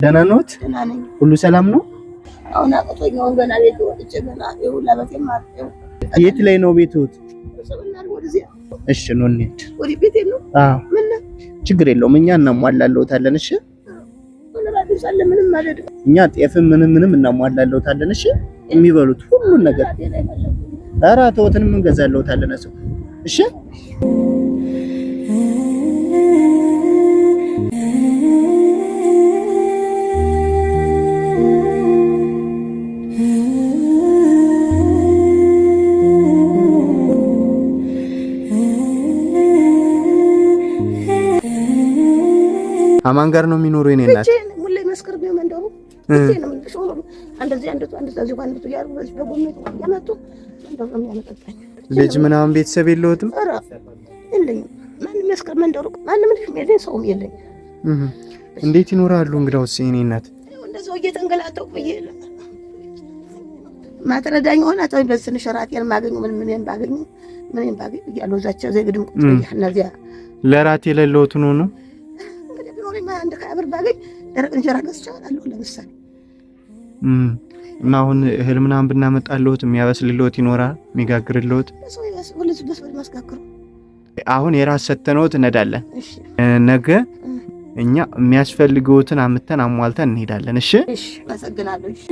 ደህና ነዎት? ሁሉ ሰላም ነው? አሁን አቅቶኛውን ገና ቤት ወጥቼ ገና ይሁላ በቴም አጥተው የት ላይ ነው ቤትዎት? እሺ ነው እንሂድ። ወዲ ቤቴ ነው? ምን ችግር የለውም እኛ እናሟላለዎታለን። እሺ እኛ ጤፍም ምንም ምንም እናሟላለዎታለን። እሺ የሚበሉት ሁሉን ነገር ኧረ ተወትንም እንገዛለዎታለን። እሺ አማን ጋር ነው የሚኖሩ የኔ እናት ሙሌ መስክር ነው መንደሩ ልጅ ምናምን ቤተሰብ የለሁትም ሰውም የለኝ። እንዴት ይኖራሉ እንግዳውስ? የኔ እናት ማትረዳኝ ሆና በዚህ ትንሽ ራቴን የማገኘው ምን ምን ባገኙ ምን ባገኘው እያለሁ እዛቸው ዘግድም ቁጥር ቁጭ እያልን ለራት ለራቴ ነው ነው ወይም አንድ ከብር ባገኝ ደረቅ እንጀራ ገዝቼ እበላለሁ። ለምሳሌ እና አሁን እህል ምናምን ብናመጣልዎት የሚያበስልልዎት ይኖራል፣ የሚጋግርልዎት አሁን የራስ ሰተነዎት እንሄዳለን ነገ እኛ የሚያስፈልገዎትን አምተን አሟልተን እንሄዳለን። እሺ፣ አመሰግናለሁ።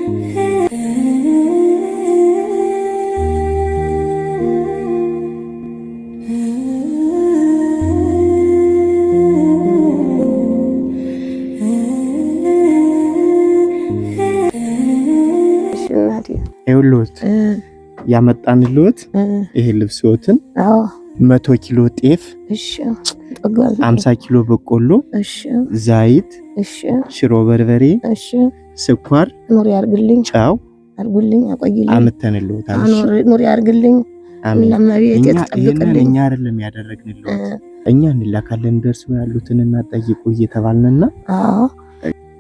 እናቴ ይኸውልዎት ያመጣንልዎት ይሄ ልብስዎትን መቶ ኪሎ ጤፍ፣ አምሳ ኪሎ በቆሎ፣ ዘይት፣ ሽሮ በርበሬ፣ ስኳር፣ ኑሪ አርግልኝ ጫው አርጉልኝ፣ አቆይልኝ፣ አምተንልዎታል። ኑሪ ያርግልኝ፣ ለመቤት የተጠብቅልኝ። እኛ አይደለም ያደረግንልዎት፣ እኛ እንላካለን ደርሶ ያሉትን እናጠይቁ ጠይቁ እየተባልንና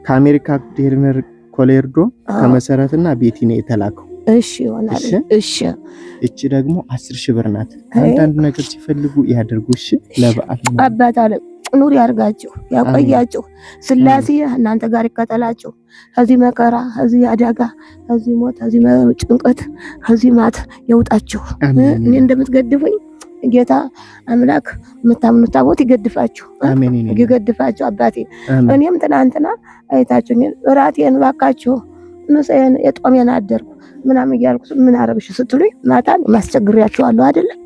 ከአሜሪካ ሄድመር ኮሌርዶ ከመሰረትና ቤቲ ነው የተላከው። እሺ ይሆናል። እሺ እቺ ደግሞ አስር ሺህ ብር ናት። አንዳንድ ነገር ሲፈልጉ ያደርጉ። እሺ ለበዓል አባት አለ ኑር ያርጋችሁ፣ ያቆያችሁ። ስላሴ እናንተ ጋር ይከተላችሁ። ከዚህ መከራ፣ ከዚህ አደጋ፣ ከዚህ ሞት፣ ከዚህ ጭንቀት፣ ከዚህ ማት ያውጣችሁ። እኔ እንደምትገድፈኝ ጌታ አምላክ የምታምኑት ታቦት ይገድፋችሁ ይገድፋችሁ። አባቴ እኔም ትናንትና አይታችሁኝ እራቴን ባካችሁ ምጽን የጦሜን አደርኩ ምናምን እያልኩ ምን አረብሽ ስትሉኝ ማታ ማስቸግሪያችኋለሁ አይደለም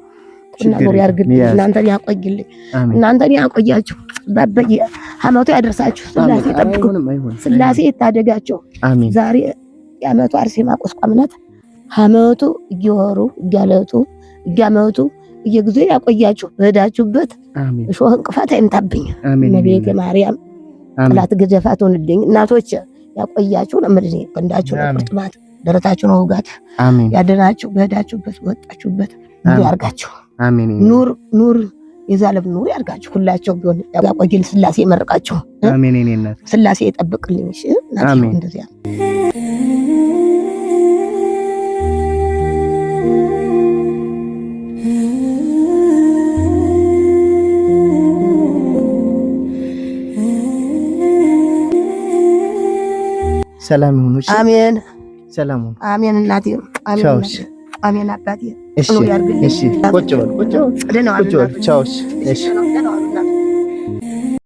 ቁናጎር ያርግልኝ እናንተን ያቆይልኝ እናንተን ያቆያችሁ ባበይ አመቱ ያደርሳችሁ ስላሴ ጠብቁ ስላሴ ይታደጋቸው። ዛሬ የአመቱ አርሴማ ቁስቋምነት አመቱ እየወሩ እያለጡ እያመቱ እየጊዜ ያቆያችሁ በሄዳችሁበት እሾህ እንቅፋት አይምታብኝ። እመቤቴ ማርያም ጥላት ገዘፋ ትሆንልኝ። እናቶች ያቆያችሁ ነው ምልዜ ቀንዳችሁ ቁርጥማት ደረታችሁን ውጋት ያደናችሁ በሄዳችሁበት በወጣችሁበት ኑር ያርጋችሁ። ኑር ኑር የዛለም ኑር ያርጋችሁ። ሁላቸው ቢሆን ያቆይል። ስላሴ መርቃችሁ ስላሴ ይጠብቅልኝ። እሺ እንደዚያ ሰላም ይሁኑ። አሜን። ሰላም ሁኑ። አሜን። እናቴ አሜን። አባቴ እሺ፣ እሺ። ቁጭ በል፣ ቁጭ በል፣ ቁጭ በል። ቻው። እሺ እሺ ቁጭ በል ቁጭ በል ቁጭ እሺ